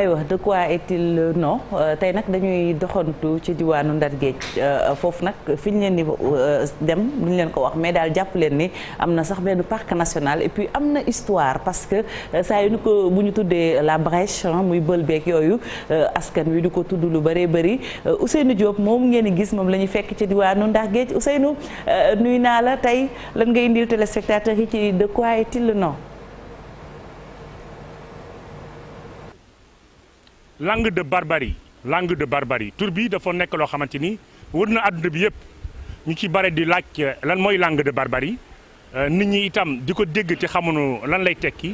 aywa de quoi est-il non euh, tey nag dañuy doxantu ci diwaanu Ndar Géej euh, foofu nag fi ñu leen di euh, dem lu leen ko wax mais daal jàpp leen ni am na sax benn parc national et puis am na histoire parce que saa yu ñu ko bu ñu tuddee la brèche muy bël beeg yooyu askan wi du ko tudd lu bëree bëri Ousseynou Diop moom ngeen di gis moom la ñuy fekk ci diwaanu Ndar Géej Ousseynou nuyu naa la tey lan nga indil téléspectateurs yi ci de quoi il non. langue de barbarie langue de barbarie tur bi dafa nekk loo xamante ni wër na àdduna bi yëpp ñu ci bare di laaj euh, lan mooy langue de barbarie euh, nit ñi itam di ko dégg ci xamuñu lan lay tekki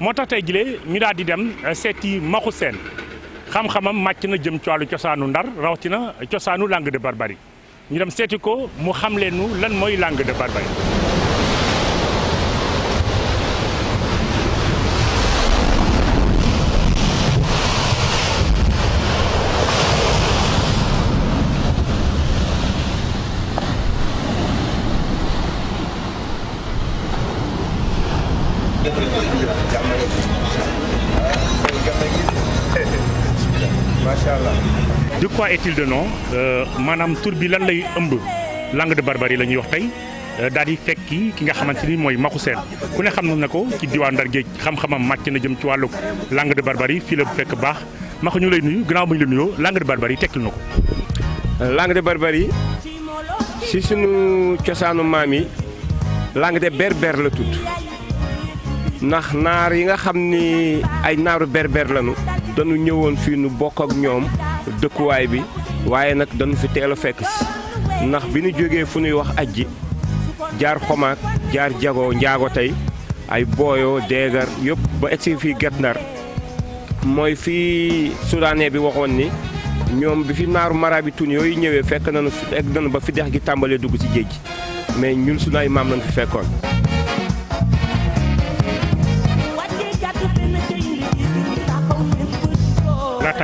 moo tax tey jile ñu daal di dem euh, seeti Maxu Seen xam-xamam màcc na jëm ci wàllu cosaanu Ndar rawatina cosaanu langue de barbarie ñu dem seeti ko mu xam leenu lan mooy langue de barbarie macha allah. de quoi est euh, maanaam tur bi lan lay ëmb langue de barbarie la ñuy wax tey euh, daal di fekki ki nga xamante ni mooy Maxu Seen ku ne xam na ko ci diwaan Ndar Géej xam-xamam màcc na jëm ci wàllu langue de barbarie fii la bu fekk baax Maxu ñu lay nuyu gannaaw bu ñu la nuyoo langue de barbarie tekkil na ko. langue de barbarie si sunu cosaanu maam yi langue de berber la tudd. ndax naar yi nga xam ni ay naaru berber lañu dañu ñëwoon fii nu bokk ak ñoom dëkkuwaay bi waaye nag dañu fi teel a fekk si ndax bi ñu jógee fu ñuy wax ajji jaar xomaak jaar jago njaago tey ay booyo deegar yépp ba egsi fii Guet Ndar mooy fii soudanais bi waxoon ni ñoom bi fi naaru marabitun yooyu ñëwee fekk nañu egg nañu ba fi dex gi tàmbalee dugg ci géej gi mais ñun suñu ay maam lañu fi fekkoon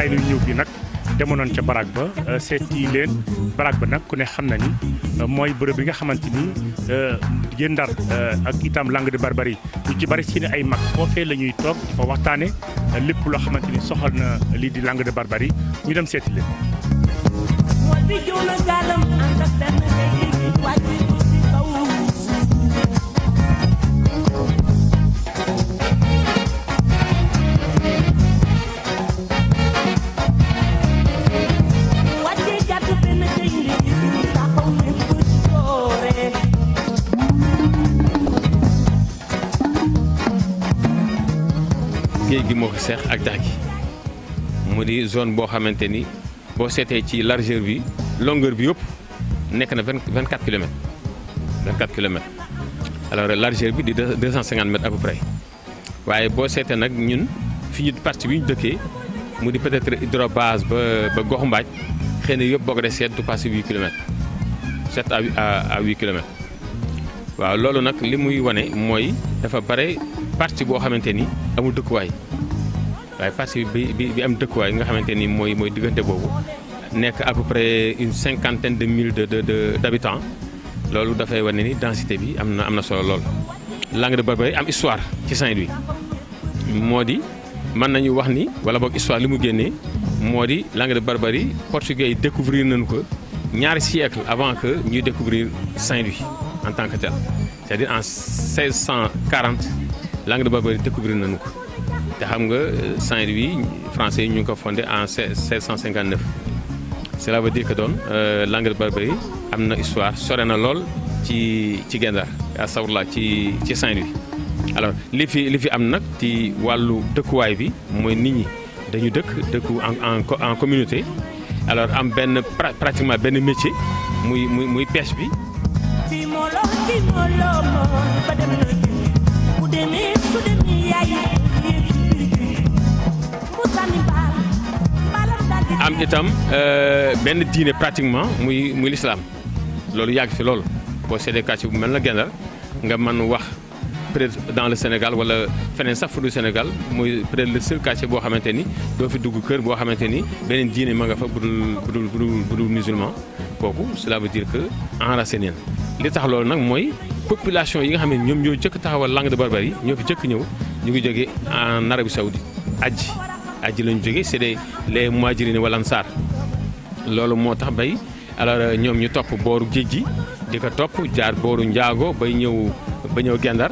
tay lu ñëw bi nag demoon ca barak ba euh, seeti leen barak ba nag ku ne xam na ni euh, mooy bërëb bi nga xamante ni euh, yéen Ndar ak itam Langue de Barbarie lu ci bari seeni ay mag foofee la toog di waxtaane lépp loo xamante ni soxal na lii di Langue de Barbarie ñu dem seeti leen. gi moo ko seex ak dex gi mu di zone boo xamante ni boo seetee ci largeur bi longueur bi yëpp nekk na vingt quatre kilomètres vingt quatre kilomètres alors bi di deux cent cinquante mètres à peu près waaye boo seetee nag ñun fi ñu partie bi ñu dëkkee mu di peut-être hydrobase ba ba gox mbaaj xëy na yëpp boo ko dee seet du passé huit kilomètres sept à waaw loolu nag li muy wone mooy dafa bare partie boo xamante ni amul dëkkuwaay. waaye fas yi bi bi am dëkkuwaay nga xamante ni mooy mooy diggante boobu nekk à peu près une cinquantaine de mille de de d'habitants loolu dafay wane ni densité bi am na am na solo lool. langue de Barbarie am histoire ci Saint-Louis moo di mën nañu wax ni wala boog histoire li mu génne moo di langue de Barbarie portugais yi découvrir nañu ko ñaari siècle avant que ñuy découvrir Saint-Louis en tant que tel c'est-à-dire en 1640 langue de Barbarie découvrir nañu ko. te xam nga Saint-Louis français yi ñu ngi ko fondé en 1659 la veut dire que doon euh, langue de barbarie am na histoire sore na lool ci ci Guet Ndar astafurlah ci ci saint alors li fi li fi am nag ci wàllu dëkkuwaay bi mooy nit ñi dañu dëkk dëkku en en communauté alors am benn pratiquement benn métier muy muy muy pêche bi. ba dem na bu demee su demee yaay am itam euh, benn diine pratiquement muy muy lislaam loolu yàgg fi lool boo seetee quartier bu mel na Gendar nga mën wax peut être dans le Sénégal wala feneen sax fu du Sénégal muy peut être le seul quartier boo xamante ni doo fi dugg kër boo xamante ni beneen diine ma nga fa budul budul budul musulman kooku cela veut dire que enraciné na li tax loolu nag mooy population yi nga xam ne ñoom ñoo jëkk taxawal langue de barbarie ñoo fi jëkk ñëw ñu ngi jógee en Arabie a aji aji lañu jóge c'est des les muhajirin wallan saar loolu moo tax bay alors euh, ñoom ñu topp booru géej gi di ko topp jaar booru njaago bay ñëw ba ñëw gendar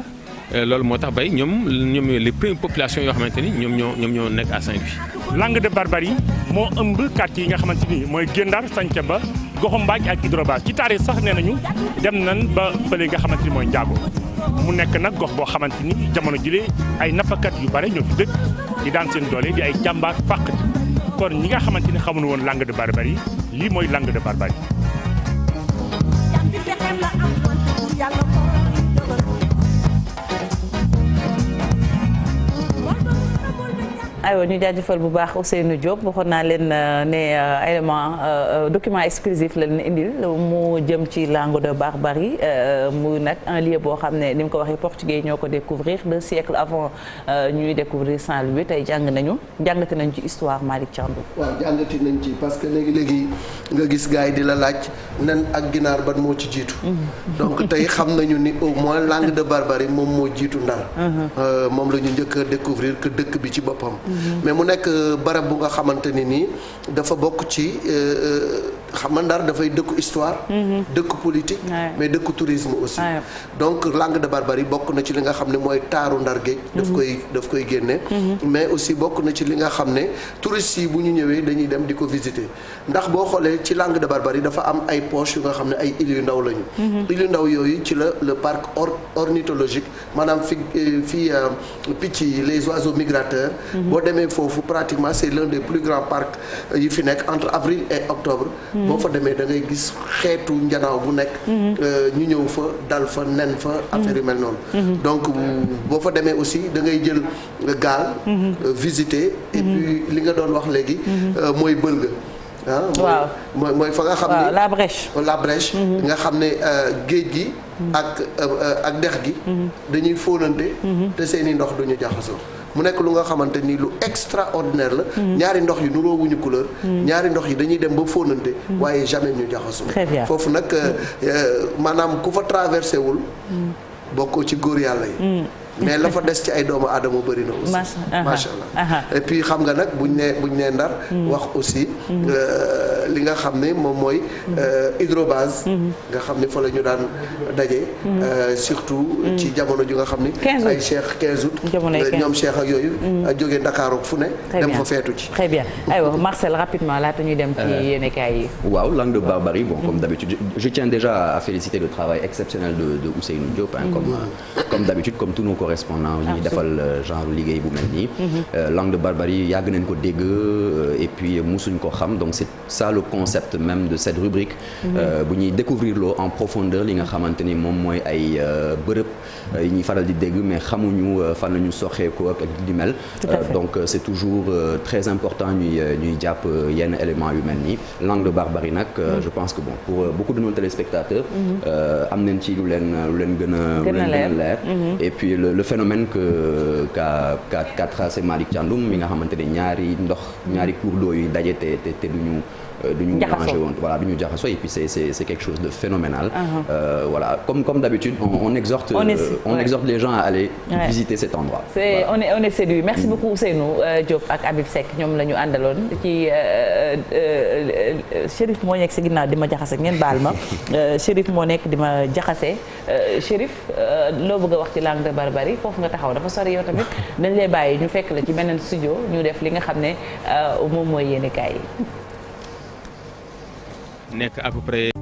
euh, loolu moo tax bay ñoom ñoom les premières populations yoo xamante ni ñoom ñoo ñoom ñoo nekk à Saint-Louis. langue de barbarie moo ëmb kart yi nga xamante ni mooy Gendar Santhiaba Goxu Mbaaj ak Hydrobase ci taar taarix sax nee nañu dem nan ba fële nga xamante ni mooy njaago mu nekk nag gox boo xamante ni jamono jile ay nappakat yu bare ñoo fi dëkk. di daan seen doole di ay jàmbaar fàq kon ñi nga xamante ni xamuñu woon langue de barbarie lii mooy langue de barbarie aywa ñu jaajëfal bu baax Ousseynou Diop waxoon naa leen euh, ne euh, élément euh, document exclusif la leen indil mu jëm ci langue de barbarie muy nag un lieu boo xam ne ni mu ko waxee portugais ñoo ko découvrir deux siècles avant ñuy découvrir Saint-Louis tey jàng nañu jàngate nañ ci histoire Malick Thiandou. waaw jàngati nañ ci parce que léegi léegi nga gis gars yi di la laaj nen ak ginaar ba moo ci jiitu. Mm-hmm. donc tey xam nañu ni au moins langue de barbarie moom moo jiitu Ndar. Mm-hmm. moom la ñu njëkk a découvrir dëkk bi ci boppam. Mm-hmm. mais mu nekk barab bu nga xamante ni dafa bokk ci euh, euh, xam nga Ndar dafay dëkku histoire. Mhm. dëkku politique. mais dëkk tourisme aussi. donc langue de barbarie bokk na ci li nga xam ne mooy taaru Ndar géej. daf mhm. koy daf koy génne. Mhm. mais aussi bokk na ci li nga xam ne touristes yi bu ñu ñëwee dañuy dem di ko visiter ndax boo xoolee ci langue de barbarie dafa am ay poche yu nga xam ne ay îles yu ndaw lañu. îles yu ndaw yooyu ci la le parc ornithologique maanaam fi euh, fi euh, picc yi les oiseaux migrateurs. boo demee foofu pratiquement c'est l'un des plus euh, fi nekk entre avril et octobre. boo fa demee da ngay gis xeetu njanaaw bu nekk. Euh, ñu ñëw fa dal fa nen fa. affaire yu mel noonu. donc boo fa demee aussi da ngay jël gaal. Euh, visiter et puis li nga doon wax léegi. Euh, mooy bël ah waaw mooy mooy fa nga xam ne la brèche oh, la brèche mhm. nga xam ne géej gi mhm. ak ak dex gi mhm. dañuy fóonante te seeni ndox duñu jaxasoo mu nekk lu nga xamante ni lu extraordinaire la. Mm. ñaari ndox yi nuroowuñu couleur. Mm. ñaari ndox yi dañuy dem ba fóonante. Mm. waaye jamais ñu jaxasoo. foofu nag euh, euh, maanaam ku fa traversé wul. bokkoo ci góor yàlla yi. mais la fa des ci ay doomu aadama bëri na aussi macha allah et xam nga nag buñ nee buñ nee ndar hmm. wax aussi hmm. euh, li nga xam ne moom mooy hmm. euh, hydrobase nga xam ne fa la ñu daan daje euh, surtout ci jamono ju nga xam ni ay cheikh 15 août ñoom cheikh ak yooyu jóge Ndakaaru fu ne dem fa feetu ci très bien aywa Marcel rapidement laata ñuy dem ci yéenekaay yi waaw langue de barbarie bon comme d'habitude je tiens déjà à féliciter le travail exceptionnel de de Ousseynou Diop comme d'habitude comme tous correspondant ñuy defal euh, genre liggéey bu mel nii mhm. euh, langue de barbarie yàgg nañ ko dégg euh, et puis musuñ ko xam donc c'est ça le concept même de cette rubrique mhm. bu ñuy découvrir loo en profondeur li nga xamante ni moom mooy ay bërëb yi ñuy faral di dégg mais xamuñu fan la ñu soxee ko ak di mel donc c'est toujours très important ñuy ñuy jàpp yenn éléments yu mel nii langue de barbarie nag mhm. je pense que bon pour beaucoup de nos téléspectateurs am nañ ci lu leen leen gën a lu leen puis le phénomène que qu'a qu'a qu'a tracé Malick Thiandoum mi nga xamante ne ñaari ndox ñaari cours d'eau yu daje te du te du euh, ñu mélangé woon voilà du ñu jaxasoo et puis c'est c'est c'est quelque chose de phénoménal uh-huh. euh, voilà comme comme d'habitude on, on exhorte on, euh, est, on ouais. exhorte les gens à aller ouais. visiter cet endroit c'est voilà. on est on est séduit merci mm. beaucoup Ousseynou euh, Diop ak Habib Seck ñoom la ñu àndaloon ci Chérif moo nekk si ginnaaw di ma jaxase ngeen baal ma Chérif moo nekk di ma jaxase Chérif loo bëgg a wax ci langue de barbarie foofu nga taxaw dafa sori yow tamit dañ lay bàyyi ñu fekk la ci beneen studio ñu def li nga xam ne moom mooy yéenekaay yi nekk à peu près